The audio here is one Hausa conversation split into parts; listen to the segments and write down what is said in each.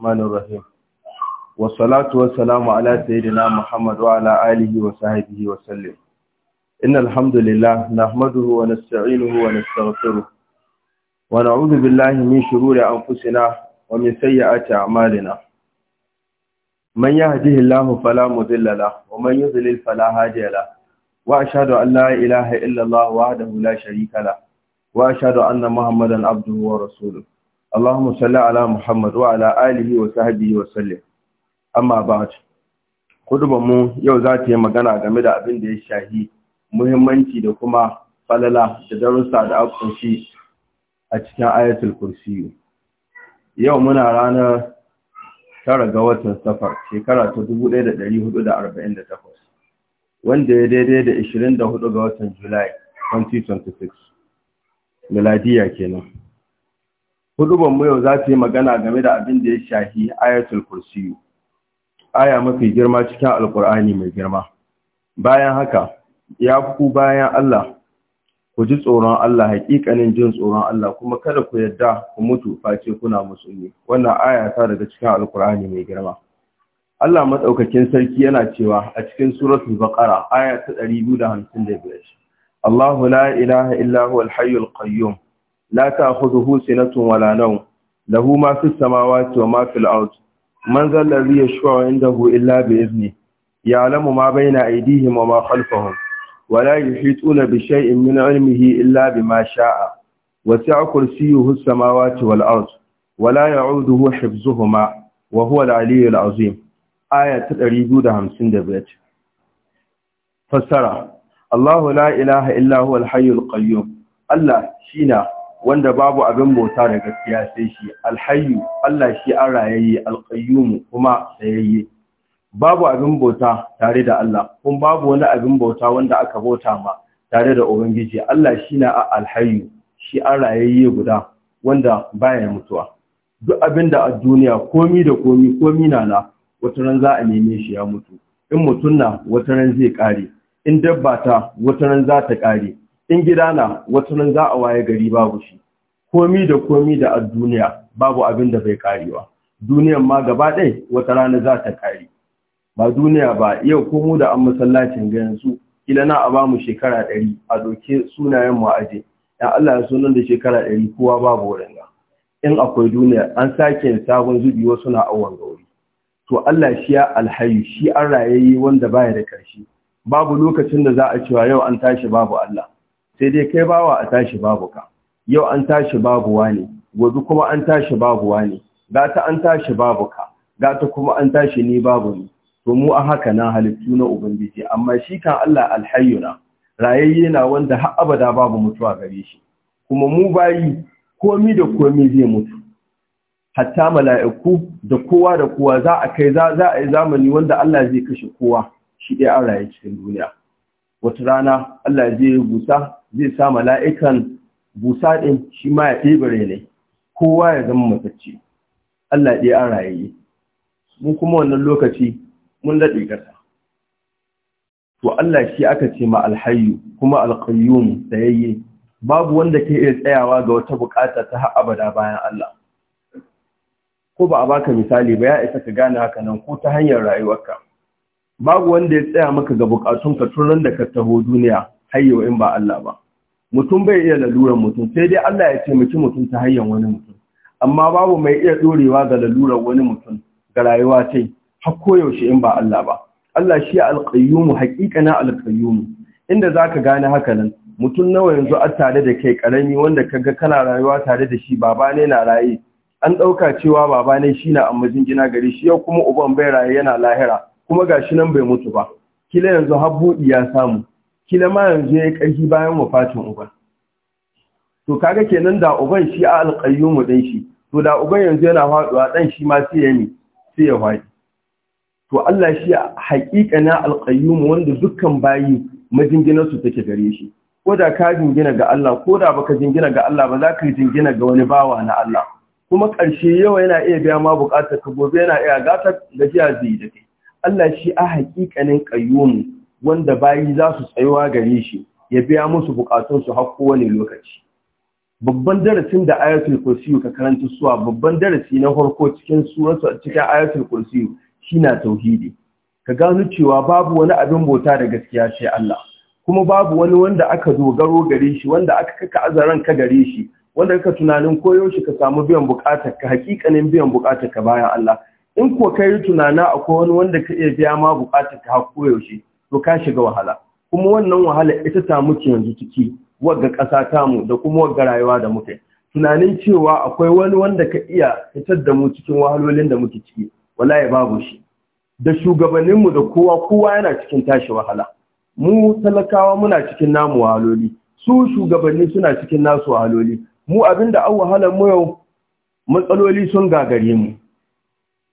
الرحمن الرحيم والصلاة والسلام على سيدنا محمد وعلى آله وصحبه وسلم إن الحمد لله نحمده ونستعينه ونستغفره ونعوذ بالله من شرور أنفسنا ومن سيئات أعمالنا من يهده الله فلا مذل له ومن يذلل فلا هادي له وأشهد أن لا إله إلا الله وحده لا شريك له وأشهد أن محمدا عبده ورسوله اللهم صل على محمد وعلى آله وصحبه وسلم amma ba kudubar mu yau za ta yi magana game da abin da ya shahi muhimmanci da kuma falala da darussa da akunshi a cikin ayatul kursi yau muna ranar tara ga watan safar shekara ta 1448 wanda ya daidai da 24 ga watan julai 2026 miladiya kenan hudubar mu yau za ta yi magana game da abin da ya shahi ayatul kursiyu aya mafi girma cikin alkur'ani mai girma bayan haka ya ku bayan Allah ku ji tsoron Allah hakikanin jin tsoron Allah kuma kada ku yadda ku mutu face kuna musulmi wannan aya ta daga cikin alkur'ani mai girma Allah maɗaukacin sarki yana cewa a cikin suratul baqara aya ta 255 Allahu la ilaha illa huwal hayyul qayyum la ta'khudhuhu sinatun wala nawm lahu ma fis samawati wa ma fil ard man zal ladhi yashfa'u indahu illa bi idhni ya'lamu ma bayna aydihim wa ma khalfahum wa la yuhituna bi shay'in min 'ilmihi illa bima sha'a wasi'a kursiyyuhu as-samawati wal ard wa la ya'uduhu hifdhuhuma wa huwa al-'aliyyul 'azim aya ta 255 fassara Allahu la ilaha illa hayyul qayyum Allah shina wanda babu abin bauta da gaskiya sai shi Alhayu Allah shi an rayayye alqayyum kuma sayayye. babu abin bauta tare da Allah kun babu wani abin bauta wanda aka bauta ma tare da ubangiji Allah shi na alhayyu shi an rayayye guda wanda baya mutuwa duk abin da a duniya komi da komi komi na na wata ran za a neme shi ya mutu in mutum na wata ran zai kare in dabba ta wata ran za ta kare in gida na wata nan za a waye gari babu shi komi da komi da a duniya babu abin da bai karewa duniyan ma gaba ɗai wata rana za ta kare ba duniya ba yau komo da an masallacin ga yanzu kila na a bamu shekara ɗari a ɗauke sunayen mu aje dan Allah ya sunan da shekara ɗari kowa babu wurin ga in akwai duniya an sake sabon zubi wasu na awon gauri to Allah shi ya alhayu shi an rayayi wanda baya da karshe babu lokacin da za a cewa yau an tashi babu Allah sai dai kai bawa a tashi babu ka yau an tashi babu wani gobe kuma an tashi babu wani gata an tashi babu ka gata kuma an tashi ni babu ni to mu a haka na halittu na ubangiji amma shi kan Allah alhayyuna rayayye na wanda har abada babu mutuwa gare shi kuma mu bayi komi da komi zai mutu hatta mala'iku da kowa da kowa za a kai za a yi zamani wanda Allah zai kashe kowa shi ɗaya an raye cikin duniya wata rana Allah zai busa zai sa mala'ikan busa ɗin shi ma ya ɗebare ne kowa ya zama matacce Allah ɗaya an rayaye Mun kuma wannan lokaci mun daɗe ƙasa to Allah shi aka ce ma alhayu kuma alƙayyum tsayayye babu wanda ke iya tsayawa ga wata buƙata ta abada bayan Allah ko ba a baka misali ba ya isa ka gane haka nan ko ta hanyar rayuwarka babu wanda ya tsaya maka ga bukatun ka tun da ka taho duniya hayyo in ba Allah ba mutum bai iya laluran mutum sai dai Allah ya ce miki mutum ta hayyan wani mutum amma babu mai iya dorewa ga lalurar wani mutum ga rayuwa ce har yaushe in ba Allah ba Allah shi alqayyumu na alqayyumu inda zaka gane haka nan mutum nawa yanzu a tare da kai karami wanda kaga kana rayuwa tare da shi baba ne na raye an dauka cewa baba ne shi na amma jingina gari shi yau kuma uban bai raye yana lahira kuma ga shi nan bai mutu ba kila yanzu har buɗi ya samu kila ma yanzu ya ƙarfi bayan wafatin uba. to kaga kenan da uban shi a alƙayyumu ɗin shi to da uban yanzu yana faɗuwa ɗan shi ma sai ya ne sai ya faɗi to Allah shi haƙiƙa na alƙayyumu wanda dukkan bayi su take gare shi ko da ka jingina ga Allah ko da baka jingina ga Allah ba za ka jingina ga wani bawa na Allah kuma ƙarshe yau yana iya biya ma buƙatar ka gobe yana iya gata gajiya zai da kai Allah shi a haƙiƙanin ƙayyum wanda bayi za su tsayuwa gare shi ya biya musu buƙatun su har kowane lokaci babban darasin da ayatul kursiyu ka karanta suwa babban darasi na farko cikin suratu cikin ayatul kursiyu shine tauhidi ka gano cewa babu wani abin bauta da gaskiya sai Allah kuma babu wani wanda aka dogaro gare shi wanda aka kaka azaran ka gare shi wanda ka tunanin koyo shi ka samu biyan bukatar ka hakikanin biyan bukatar ka bayan Allah in ko kai yi tunana akwai wani wanda ka iya biya ma bukatar ka hakko yaushe to ka shiga wahala kuma wannan wahala ita ta muke yanzu ciki wagga ƙasa mu, da kuma wagga rayuwa da muke tunanin cewa akwai wani wanda ka iya fitar da mu cikin wahalolin da muke ciki wallahi babu shi da shugabanninmu da kowa kowa yana cikin tashi wahala mu talakawa muna cikin namu wahaloli su shugabanni suna cikin nasu wahaloli mu abinda an wahalar mu yau matsaloli sun gagare mu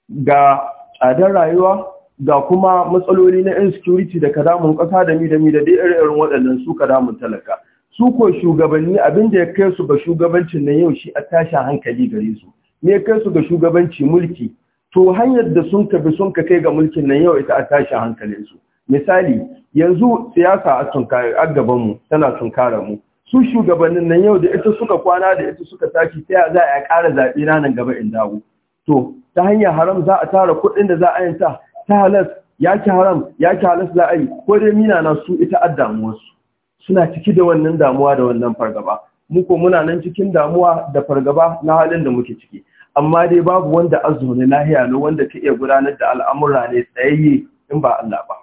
ga tsadar rayuwa ga kuma matsaloli na insecurity da kadamun kasa da mi da mi da dai irin waɗannan su kadamun talaka su ko shugabanni abin da ya kai su ga shugabancin nan yau shi a tashin hankali gare su me ya kai su ga shugabanci mulki to hanyar da sun tafi bi sun ka kai ga mulkin nan yau ita a tashin hankalin su misali yanzu siyasa a tunkare a gaban mu tana tunkara mu su shugabannin nan yau da ita suka kwana da ita suka tashi ta ya za a ƙara zaɓe ranar gaba in dawo to ta hanyar haram za a tara kuɗin da za a yanta ta halas ya ki haram ya ki halas za a yi ko dai mina na su ita a damuwarsu suna ciki da wannan damuwa da wannan fargaba mu ko muna nan cikin damuwa da fargaba na halin da muke ciki amma dai babu wanda azumi lahiya ne wanda ka iya gudanar da al'amura ne tsayayye in ba Allah ba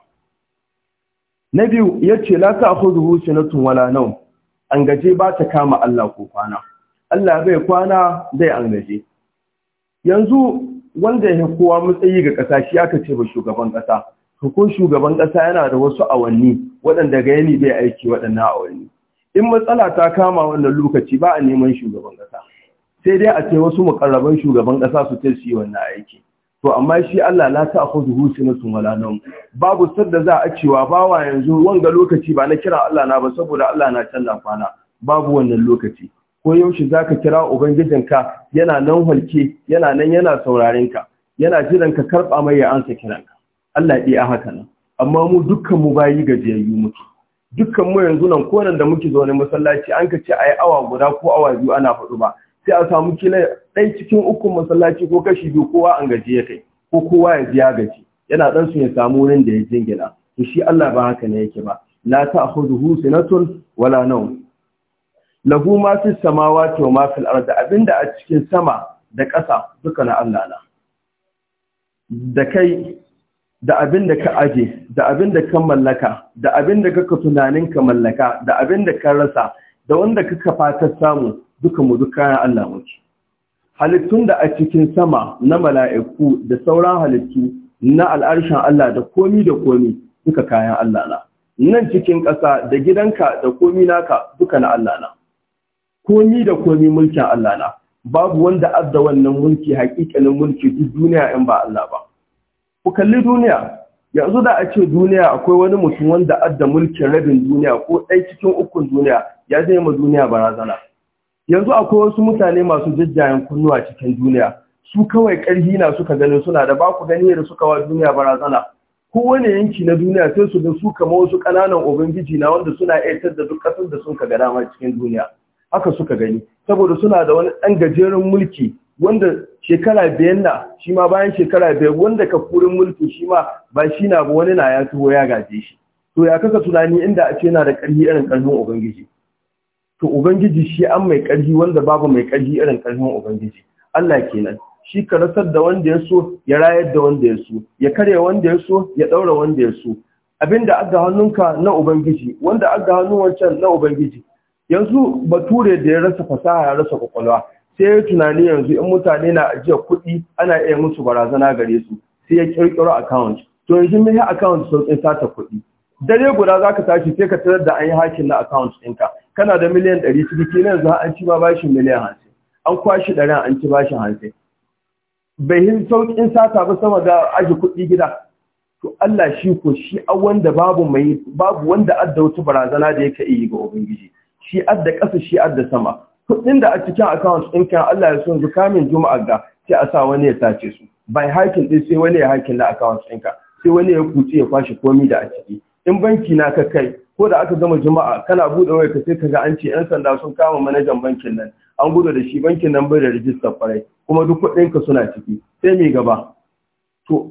na biyu yace la ta'khudhu sinatun wala nau an gaje ba ta kama Allah ko kwana Allah bai kwana zai an gaje yanzu wanda ya kowa matsayi ga ƙasa shi aka ce ba shugaban ƙasa ko shugaban ƙasa yana da wasu awanni waɗanda ga yani bai aiki waɗannan awanni in matsala ta kama wannan lokaci ba a neman shugaban ƙasa sai dai a ce wasu muƙarraban shugaban ƙasa su ce su yi wannan aiki to amma shi Allah la ta akhudhu husnatun wala nawm babu sadda za a cewa ba wa yanzu wanga lokaci ba na kira Allah na ba saboda Allah na canza kwana babu wannan lokaci ko yaushe za ka kira ubangijinka yana nan halke yana nan yana saurarenka yana jiran ka karɓa mai ya ansa kiranka Allah ya a haka nan amma mu dukkan mu bayi gajiyayyu muke dukkan mu yanzu nan ko nan da muke zo zaune masallaci an ka ce ayi awa guda ko awa biyu ana faɗu ba sai a samu kila ɗai cikin uku masallaci ko kashi biyu kowa an gaji ya kai ko kowa ya ji ya gaji yana ɗan su ya samu wurin da ya jingina to shi Allah ba haka ne yake ba la ta'khudhu sinatun wala nawm lahu ma fi samawati wa ma fil ardi abinda a cikin sama da ƙasa duka na Allah na da kai da abinda ka aje da abinda ka mallaka da abinda kaka tunanin ka mallaka da abinda ka rasa da wanda kafa ta samu duka mu duka na Allah muke halittun da a cikin sama na mala'iku da sauran halittu na al'arshin Allah da komi da komi duka kayan Allah na nan cikin ƙasa da gidanka da komi naka duka na Allah na komi da komi mulkin Allah na babu wanda adda wannan mulki hakikanin mulki duk duniya in ba Allah ba ku kalli duniya yanzu da a ce duniya akwai wani mutum wanda adda mulkin rabin duniya ko ɗai cikin ukun duniya ya zai ma duniya barazana yanzu akwai wasu mutane masu jajjayen kunnuwa cikin duniya su kawai ƙarfi na suka ganin suna da baku ku gani da suka wa duniya barazana kowane yanki na duniya sai su ga su kama wasu ƙananan ubangiji na wanda suna aitar da duk ƙasar da sun ka ga dama cikin duniya haka suka gani saboda suna da wani ɗan gajeren mulki wanda shekara biyan na shi ma bayan shekara biyar wanda ka kurin mulki shi ma ba shi na ba wani na ya tuwo ya gaje shi to ya kasa tunani inda a ce yana da ƙarfi irin ƙarfin ubangiji to ubangiji shi an mai ƙarfi wanda babu mai ƙarfi irin ƙarfin ubangiji Allah kenan shi ka rasar da wanda ya so ya rayar da wanda ya so ya karya wanda ya so ya ɗaura wanda ya so abinda aga hannunka na ubangiji wanda aga hannun wancan na ubangiji yanzu bature da ya rasa fasaha ya rasa kwakwalwa sai ya tunani yanzu in mutane na ajiyar kuɗi ana iya musu barazana gare su sai ya kirkiro account to yanzu mai account sauƙin sata kuɗi dare guda za ka tashi sai ka tarar da an yi hakin na account ɗinka kana da miliyan ɗari ciki na yanzu an ci ba bashi miliyan hamsin an kwashi ɗari an ci bashi hamsin bai yi sauƙin sata ba sama da aji kuɗi gida to Allah shi ko shi a wanda babu mai babu wanda adda wata barazana da yake iya ga ubangiji shi da ƙasa shi da sama kuɗin da a cikin account ɗin kan Allah ya son zukamin juma'a ga sai a sa wani ya tace su bai hakin ɗin sai wani ya hakin na account ɗinka sai wani ya kuce ya kwashe komi da a ciki in banki na ka kai ko da aka gama juma'a kana buɗe waya ka sai ka ga an ce yan sanda sun kama manajan bankin nan an gudu da shi bankin nan bai da rijistar kwarai kuma duk kuɗin ka suna ciki sai mai gaba to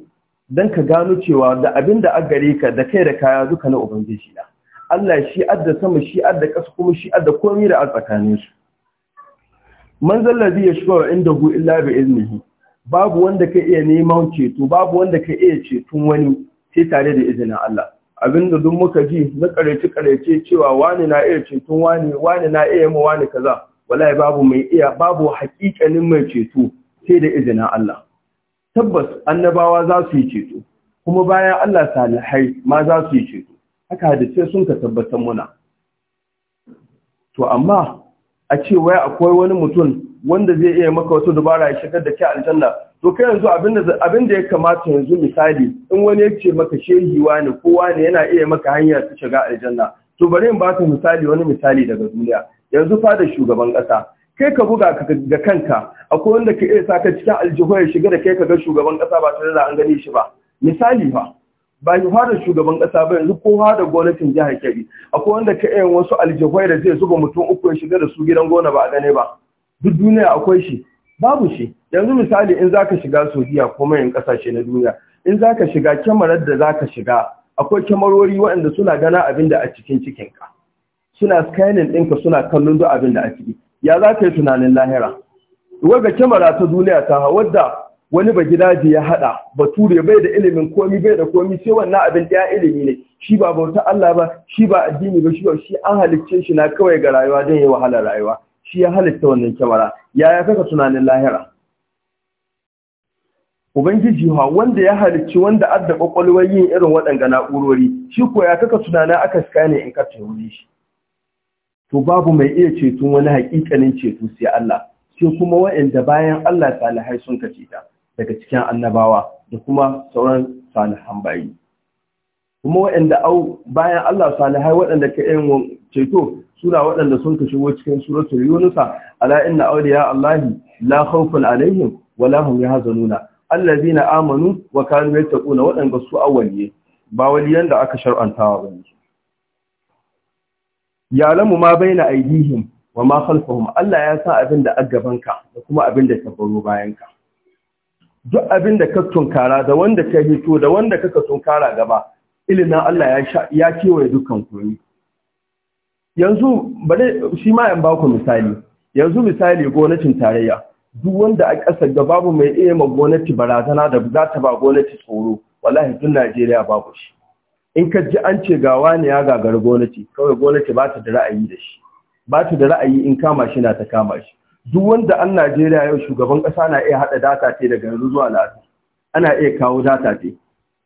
dan ka gano cewa da abin da a gare ka da kai da kaya duka na ubangiji na Allah shi adda sama shi adda ƙasa kuma shi adda komai da tsakaninsu. su man zallazi inda indahu illa bi iznihi babu wanda ka iya neman ceto babu wanda ka iya ceton wani sai tare da izinin Allah abinda duk muka ji na kareci kareci cewa wani na iya ceton wani wani na iya mu wani kaza wallahi babu mai iya babu hakikanin mai ceto sai da izinin Allah tabbas annabawa za su yi ceto kuma bayan Allah salihai ma za su yi ceto haka sai sun ka tabbatar muna to amma a ce wai akwai wani mutum wanda zai iya maka wata dubara ya shigar da ke aljanna to kai yanzu abin da ya kamata yanzu misali in wani ya ce maka shehiwa ne kowa ne yana iya maka hanya ta shiga aljanna to bari in bata misali wani misali daga duniya yanzu fa da shugaban kasa kai ka buga ga kanka akwai wanda ka iya saka cikin aljihu ya shiga da kai ka ga shugaban kasa ba tare da an gani shi ba misali ba ba yi hada shugaban kasa ba yanzu kowa da gwamnatin jihar Kebbi akwai wanda ka yin wasu aljihwai da zai zuba mutum uku ya shiga da su gidan gona ba a gane ba duk duniya akwai shi babu shi yanzu misali in zaka shiga Saudiya ko mayan kasashe na duniya in zaka shiga kyamarar da zaka shiga akwai kyamarori waɗanda suna gana abin da a cikin cikinka suna scanning ɗinka suna kallon duk abin da a ciki ya za ka yi tunanin lahira wanda kyamara ta duniya ta wadda wani ba gida ya hada bature bai da ilimin komi bai da komi sai wannan abin da ya ilimi ne shi ba bauta Allah ba shi ba addini ba shi ba shi an halicce shi na kawai ga rayuwa don ya wahala rayuwa shi ya halitta wannan kyamara yaya kaka tunanin lahira ubangiji ha wanda ya halicci wanda adda kwakwalwar yin irin waɗanga na'urori shi ko ya kaka tunanin aka sika ne in ka tauri shi to babu mai iya ceton wani hakikanin ceto sai Allah sai kuma waɗanda bayan Allah salihai sun kace ta daga cikin annabawa da kuma sauran salihan bayi kuma waɗanda au bayan Allah salihai waɗanda ka yin ceto suna waɗanda sun ka shigo cikin suratul yunusa ala inna awliya allahi la khawfun alaihim wa la hum yahzanuna allazina amanu wa kanu yattaquna waɗanda su awaliye ba waliyan da aka shar'antawa bane ya'lamu ma baina aydihim wa ma khalfahum Allah ya sa abin da ka da kuma abin da ka baro bayanka duk abin da ka tunkara da wanda ka hito da wanda ka tunkara gaba ilimin Allah ya kewaye dukkan komi yanzu bare shi ma yan baku misali yanzu misali gonacin tarayya duk wanda a ƙasar ga babu mai iya ma gonaci barazana da za ta ba gonaci tsoro wallahi duk Najeriya babu shi in ka ji an ce ga wani ya gagar gwamnati kawai gonaci ba ta da ra'ayi da shi ba ta da ra'ayi in kama shi na ta kama shi duk wanda an Najeriya yau shugaban ƙasa na iya haɗa data ce daga yanzu zuwa lati ana iya kawo data ce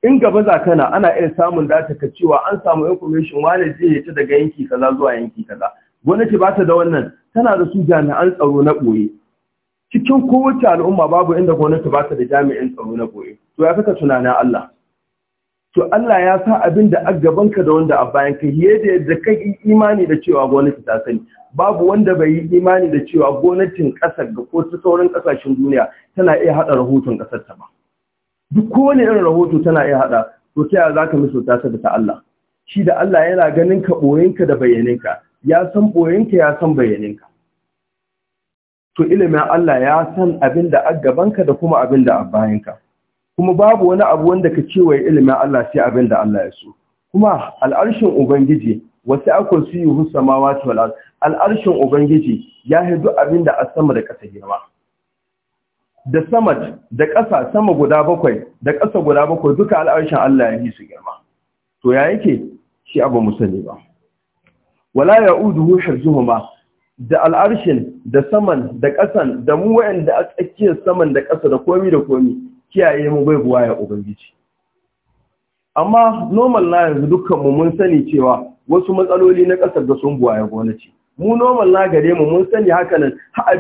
in gaba za kana ana iya samun data ka cewa an samu information wane zai yi ta daga yanki kaza zuwa yanki kaza gwamnati ba ta da wannan tana da su jami'an tsaro na ɓoye cikin kowace al'umma babu inda gwamnati ba ta da jami'in tsaro na ɓoye to ya kaka tunanin Allah to Allah ya sa abin da aka gabanka da wanda a bayan ka yadda yadda ka yi imani da cewa gwamnati ta sani babu wanda bai yi imani da cewa gwamnatin kasar ga ko ta sauran kasashen duniya tana iya hada rahoton kasar ta ba duk kowane irin rahoto tana iya hada to ta yaya zaka miso ta da ta Allah shi da Allah yana ganin ka boyenka da bayaninka ya san boyenka ya san bayaninka to ilimin Allah ya san abin da a gabanka da kuma abin da a bayanka kuma babu wani abu wanda ka cewa ilimin Allah sai abin da Allah ya so kuma al'arshin ubangiji wasu akwai su yi husama wata al'arshin ubangiji ya hidu abin da a sama da ƙasa girma da sama da ƙasa sama guda bakwai da ƙasa guda bakwai duka al'arshin Allah ya yi su girma to ya yake shi abu sani ba wala ya udu uduhu hirzuhuma da al'arshin da saman da ƙasan da mu wa'anda a tsakiyar saman da ƙasa da komi da komi kiyaye mu bai buwa ya ubangiji amma normal na yanzu dukkan mu mun sani cewa wasu matsaloli na kasar da sun buwa ya gwamnati mu normal na gare mu mun sani haka nan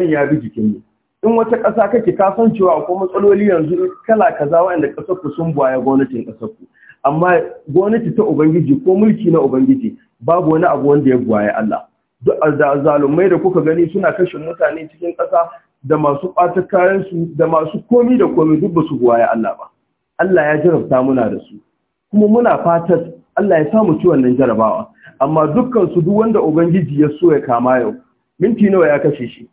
ya bi jikin mu in wata ƙasa kake ka san cewa akwai matsaloli yanzu kala kaza wanda ƙasar ku sun buwa ya gwamnatin ƙasar ku amma gwamnati ta ubangiji ko mulki na ubangiji babu wani abu wanda ya buwa ya Allah duk azzalumai da kuka gani suna kashe mutane cikin ƙasa da masu ɓata kayansu da masu komi da komi duk ba su ya Allah ba Allah ya jarabta muna da su kuma muna fatar Allah ya samu ciwon nan jarabawa amma dukkan su duk wanda ubangiji ya so ya kama yau minti nawa ya kashe shi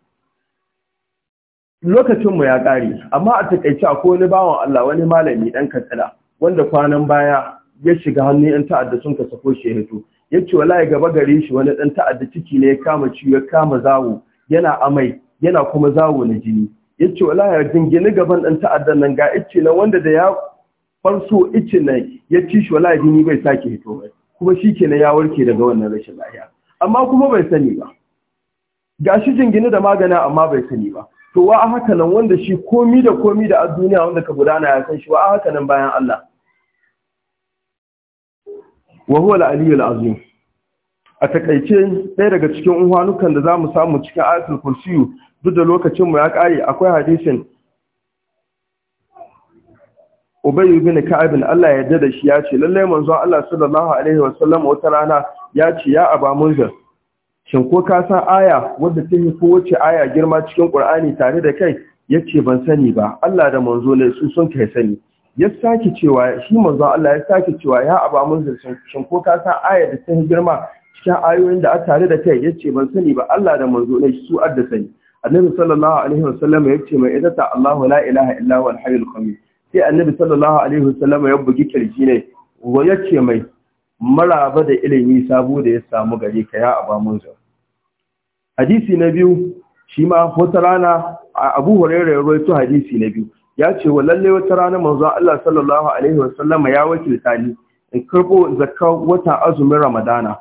Lokacinmu ya ƙare amma a takaice akwai wani bawan Allah wani malami ɗan katsala wanda kwanan baya ya shiga hannun yan ta'adda sun ka sako shi ya hito wala ya gaba gare shi wani ɗan ta'adda ciki ne ya kama ciwo ya kama zawo yana amai yana kuma zawo na jini Ya ce, wala ya jingini gaban ɗan ta'addan nan ga ice na wanda da ya farso ice na ya ci shi wala jini bai sake hito mai. kuma shi ke na ya warke daga wannan rashin lahiya. amma kuma bai sani ba Ga shi jingini da magana amma bai sani ba to wa a haka nan wanda shi komi da komi da duniya wanda ka gudana ya san shi wa a haka nan bayan Allah wa huwa al-aliyyul azim a takaice ɗaya daga cikin unhwanukan da za mu samu cikin ayatul kursiyu duk da lokacinmu ya ƙare akwai hadisin Ubayy bin Ka'ab Allah ya yarda da shi ya ce lalle manzon Allah sallallahu alaihi wasallam wata rana ya ce ya Aba Munzir shin ko ka san aya wadda ta yi ko wace aya girma cikin Qur'ani tare da kai yace ban sani ba Allah da manzo ne su sun kai sani ya saki cewa shi manzon Allah ya saki cewa ya Aba Munzir shin ko ka san aya da ta yi girma cikin ayoyin da a tare da kai yace ban sani ba Allah da manzo ne su adda sani annabi sallallahu alaihi wasallam ya ce mai idata Allahu la ilaha illa huwa al-hayyul qayyum sai annabi sallallahu alaihi wasallam ya bugi kirji ne wa ya ce mai maraba da ilimi sabo da ya samu gari ka ya aba munzo hadisi na biyu shi ma wata rana Abu Hurairah ya rawaito hadisi na biyu ya ce wa lalle wata rana manzo Allah sallallahu alaihi wasallam ya wakilta ni in karbo zakka wata azumin Ramadana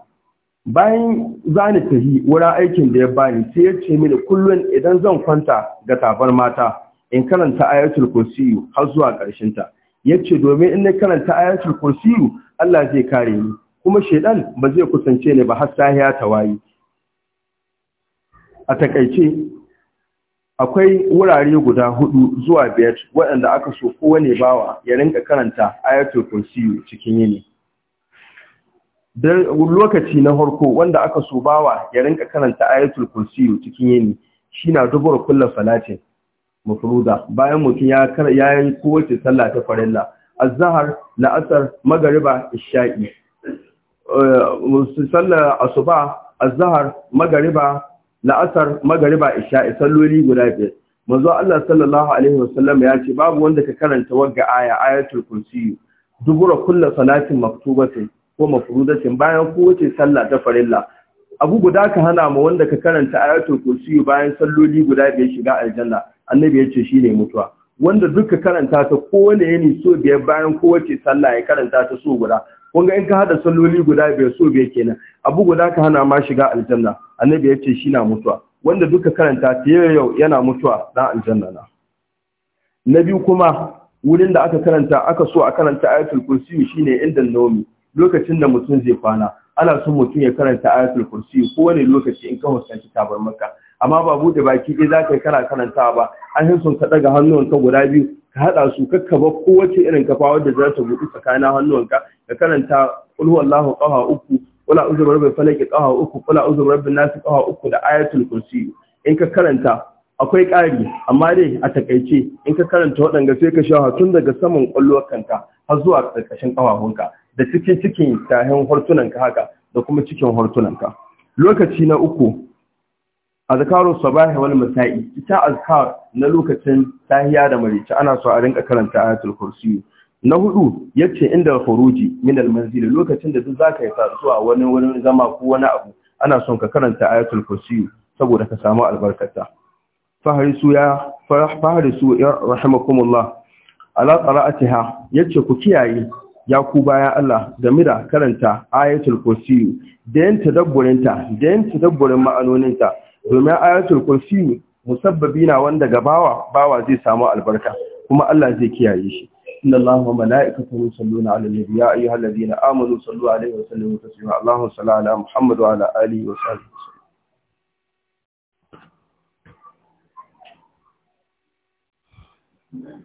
bayan za ni tafi wurin aikin da ya bani sai ya ce mini kullun idan zan kwanta ga tafar mata in karanta ayatul kursiyu har zuwa ta. yace domin in na karanta ayatul kursiyu Allah zai kare ni kuma shaidan ba zai kusance ni ba har sahiya ta wayi a takaice akwai wurare guda hudu zuwa biyar waɗanda aka so kowa ne bawa ya rinka karanta ayatul kursiyu cikin yini lokaci na harko wanda aka so bawa ya rinka karanta ayatul kursi cikin yini shi na dubura kullum salatin mafruda bayan mutum ya ya yi kowace sallah ta farilla azhar la'asar magariba isha'i eh, sallar asuba azhar magariba la'asar magariba isha'i salloli guda biyar manzo Allah sallallahu alaihi wasallam ya ce babu wanda ka karanta wagga aya ayatul Kursi. dubura kullum salatin maktubatin ko mafrudatin bayan kowace sallah ta farilla abu guda ka hana ma wanda ka karanta ayatul kursiyu bayan salloli guda biyar shiga aljanna annabi ya ce shine mutuwa wanda duka karanta ta wanda yini so biyar bayan kowace sallah ya karanta ta so guda kun ga in ka hada salloli guda biyar so biyar kenan abu guda ka hana ma shiga aljanna annabi ya ce shi na mutuwa wanda duka karanta ta yau yau yana mutuwa dan aljanna na na biyu kuma wurin da aka karanta aka so a karanta ayatul kursiyu shine inda nomi lokacin da mutum zai kwana ana son mutum ya karanta ayatul kursi kowane lokaci in ka huskanci tabar maka amma ba bude baki dai za ka yi kana karantawa ba an yi son ka daga hannuwanka guda biyu ka haɗa su ka kaba kowace irin kafa wadda za ta buɗe tsakanin hannuwanka ka karanta ulhu allahu qaha uku kula uzur rabbi falaki qaha uku kula uzur rabbi nasu qaha uku da ayatul kursi in ka karanta akwai ƙari amma dai a takaice in ka karanta waɗanda sai ka sha tun daga saman ƙwallon kanka har zuwa ƙarƙashin ƙafafunka da cikin cikin tahin hortunanka haka da kuma cikin hortunanka lokaci na uku azkarus sabahi wal masa'i ita azkar na lokacin tahiya da marici ana so a rinka karanta ayatul kursi na hudu yace inda khuruji min al manzil lokacin da duk zaka yi zuwa wani wurin zama ko wani abu ana son ka karanta ayatul kursi saboda ka samu albarkata faharisu ya faharisu rahimakumullah ala qira'atiha yace ku kiyaye ya ku baya Allah game da karanta ayatul kursi da yin tadabburinta da yin tadabburin ma'anoninta domin ayatul kursi musabbabi na wanda gabawa bawa zai samu albarka kuma Allah zai kiyaye shi inna Allahu wa mala'ikatahu yusalluna 'alan nabiy ya ayyuhalladhina amanu sallu 'alaihi wa sallimu taslima Allahu salli 'ala Muhammad wa 'ala alihi wa sahbihi Amen.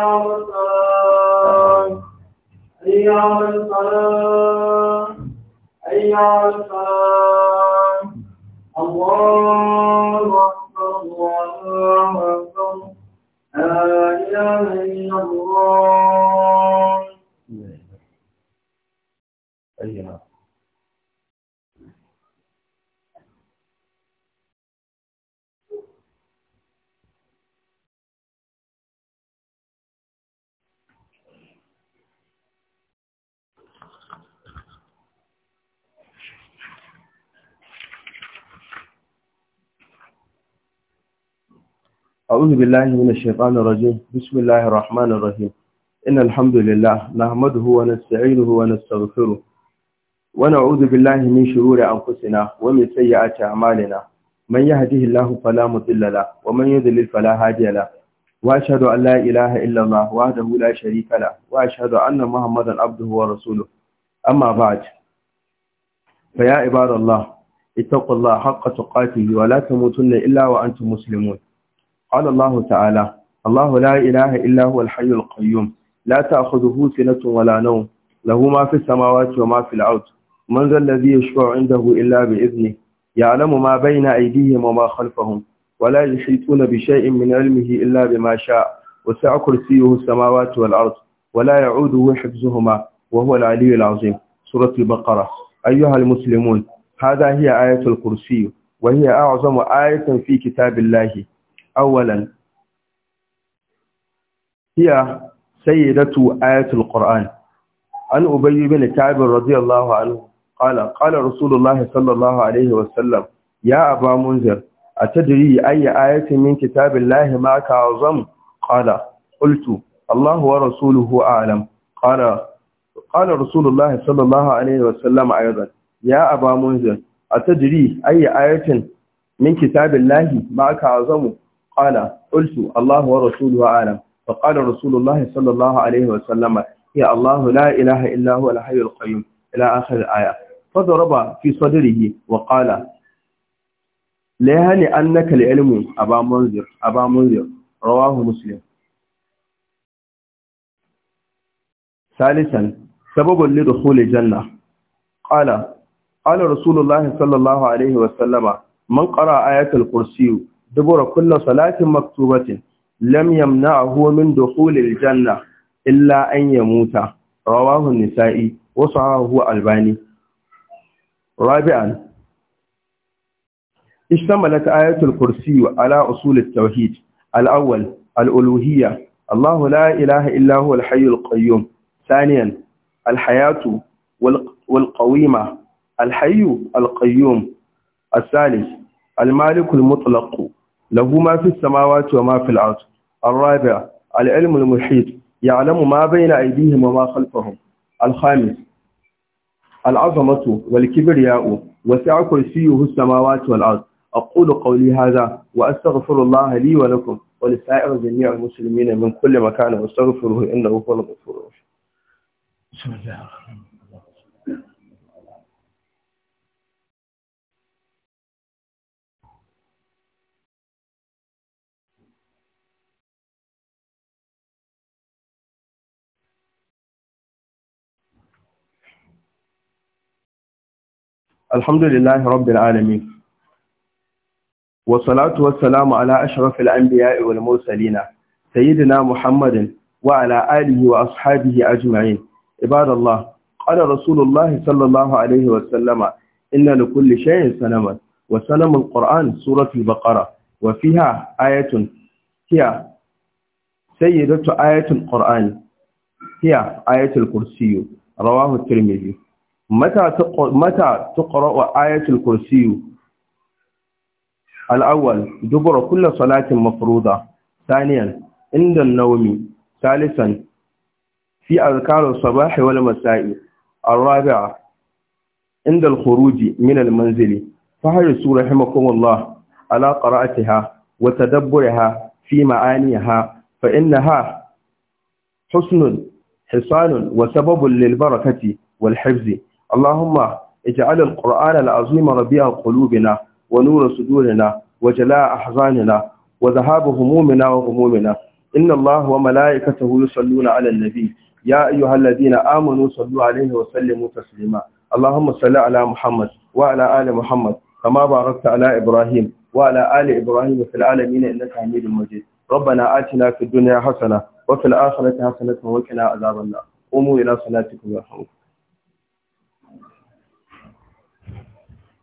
يوم الصلاة أيام الصلاة أيام الصلاة الله أعوذ بالله من الشيطان الرجيم بسم الله الرحمن الرحيم إن الحمد لله نحمده ونستعينه ونستغفره ونعوذ بالله من شرور أنفسنا ومن سيئات أعمالنا من يهده الله فلا مضل له ومن يضلل فلا هادي له وأشهد أن لا إله إلا الله وحده لا شريك له وأشهد أن محمدا عبده ورسوله أما بعد فيا عباد الله اتقوا الله حق تقاته ولا تموتن إلا وأنتم مسلمون قال الله تعالى الله لا إله إلا هو الحي القيوم لا تأخذه سنة ولا نوم له ما في السماوات وما في الأرض من ذا الذي يشفع عنده إلا بإذنه يعلم ما بين أيديهم وما خلفهم ولا يحيطون بشيء من علمه إلا بما شاء وسع كرسيه السماوات والأرض ولا يعوده حفظهما وهو العلي العظيم سورة البقرة أيها المسلمون هذا هي آية الكرسي وهي أعظم آية في كتاب الله أولا هي سيدة آية القرآن عن أبي بن كعب رضي الله عنه قال قال رسول الله صلى الله عليه وسلم يا أبا منذر أتدري أي آية من كتاب الله معك أعظم قال قلت الله ورسوله أعلم قال قال رسول الله صلى الله عليه وسلم أيضا يا أبا منذر أتدري أي آية من كتاب الله معك أعظم قال قلت الله ورسوله أعلم فقال رسول الله صلى الله عليه وسلم يا الله لا إله إلا هو الحي القيوم إلى آخر الآية فضرب في صدره وقال لا هني أنك العلم أبا منذر أبا منذر رواه مسلم ثالثا سبب لدخول الجنة قال قال رسول الله صلى الله عليه وسلم من قرأ آية الكرسي دبر كل صلاة مكتوبة لم يمنعه من دخول الجنة إلا أن يموت رواه النسائي وصححه الباني رابعا اشتملت آية الكرسي على أصول التوحيد الأول الألوهية الله لا إله إلا هو الحي القيوم ثانيا الحياة والقويمة الحي القيوم الثالث المالك المطلق lahu ma fi samawati wa ma fil ard الرابع العلم المحيط يعلم ما بين أيديهم وما خلفهم الخامس العظمة والكبرياء وسع كرسيه السماوات والأرض أقول قولي هذا وأستغفر الله لي ولكم ولسائر جميع المسلمين من كل مكان واستغفره إنه هو الغفور بسم الله الرحمن الرحيم alhamdulillahi rabbil alamin wassalatu wassalamu ala ashrafil anbiya'i wal mursalin sayyidina muhammadin wa ala alihi wa ashabihi ajma'in ibadallah qala rasulullahi sallallahu alaihi wa sallama inna likulli shay'in sanaman wa sanamul qur'an suratul baqara wa fiha ayatun hiya sayyidatu ayatul qur'an hiya ayatul kursiyyu rawahu Tirmizi. متى تقرأ آية الكرسي الأول دبر كل صلاة مفروضة ثانيا عند النوم ثالثا في أذكار الصباح والمساء الرابعة عند الخروج من المنزل فحرصوا رحمكم الله على قراءتها وتدبرها في معانيها فإنها حسن حصان وسبب للبركة والحفظ اللهم اجعل القرآن العظيم ربيع قلوبنا ونور صدورنا وجلاء أحزاننا وذهاب همومنا وغمومنا إن الله وملائكته يصلون على النبي يا أيها الذين آمنوا صلوا عليه وسلموا تسليما اللهم صل على محمد وعلى آل محمد كما باركت على إبراهيم وعلى آل إبراهيم في العالمين إنك حميد مجيد ربنا آتنا في الدنيا حسنة وفي الآخرة حسنة وقنا عذاب النار قوموا إلى صلاتكم يرحمكم